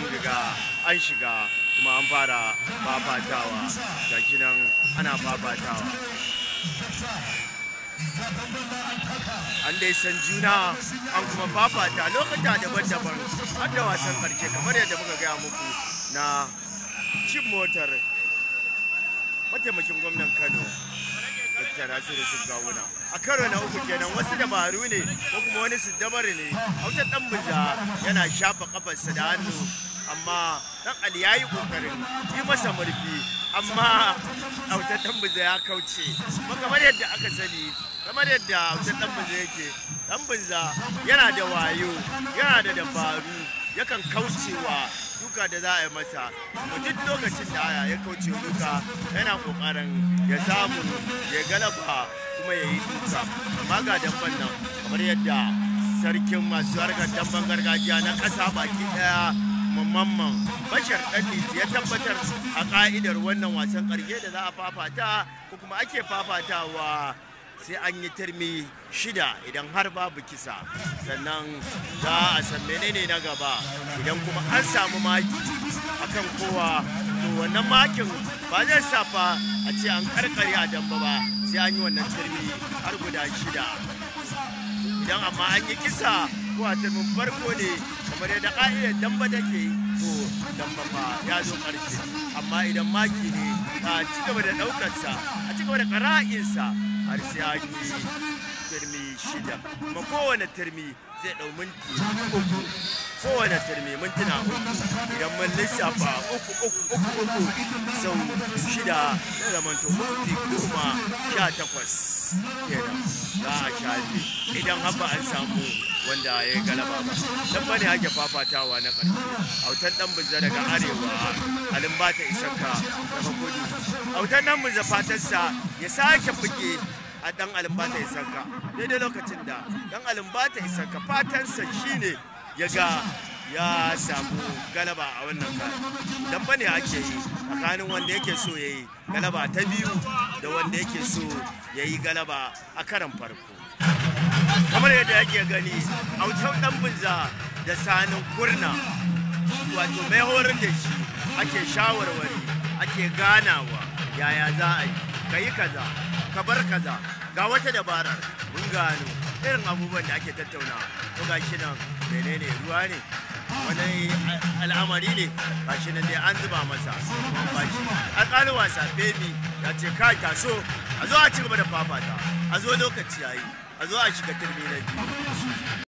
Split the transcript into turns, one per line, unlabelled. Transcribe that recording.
an riga an shiga kuma an fara fafatawa ga nan ana fafatawa an dai san juna an kuma fafata lokacin daban-daban har da wasan karke kamar yadda muka gaya muku na cin motar mataimakin gwamnan kano tattara su da sukawuna a karo na uku kenan wasu dabaru ne ko kuma wani su dabari ne hautar dan mija yana shafa kafarsa da hannu amma dan ali yayi kokarin yi masa murfi amma hautar dan mija ya kauce kamar yadda aka sani kamar yadda hautar dan mija yake dan mija yana da wayo yana da dabaru yakan kaucewa duka da za a yi masa kuma duk lokacin da aya ya kauce duka yana kokarin ya samu ya galaba kuma ya yi duka amma ga dabban nan kamar yadda sarkin masu harkar dabban gargajiya na ƙasa baki ɗaya mamman bashar ɗanɗi ya tabbatar a ƙa'idar wannan wasan ƙarshe da za a fafata ko kuma ake fafatawa sai an yi turmi shida idan har babu kisa sannan za a san menene na gaba idan kuma an samu maki akan kowa to wannan makin ba zai safa a ce an karkare a damba ba sai an yi wannan turmi har guda shida idan amma an yi kisa ko a turmin farko ne kamar yadda ka'idar damba take to damba ba ya zo karshe amma idan maki ne a ci gaba da ɗaukarsa a ci gaba da ƙara'insa har sai turmi shida kuma kowane turmi zai dau minti uku kowane turmi mintuna uku idan mun lissafa uku uku uku uku sau shida da zamanto minti goma sha takwas kenan za a shafi idan haba an samu wanda ya yi galaba ba dan bane ake fafatawa na ƙarfi autan dan buzza daga arewa halin ba ta isarka daga kudu autan dan buzza fatarsa ya sake buge a dan alimbata isanka daidai lokacin da dan alimbata isanka fatansa shine ya ga ya samu galaba a wannan kan dan bane ake yi tsakanin wanda yake so ya yi galaba ta biyu da wanda yake so ya yi galaba a karan farko kamar yadda yake gani a autan dan bunza da sanin kurna wato mai horar da shi ake shawarwari ake ganawa yaya za a yi ka kaza ka bar kaza ga wata dabarar mun gano irin abubuwan da ake tattauna to ga shi nan menene ruwa ne wani al'amari ne ga shi nan dai an zuba masa ba shi alƙalin wasa baby ya ce kai taso a zo a ci da fafata a zo lokaci yayi a zo a shiga turmi na biyu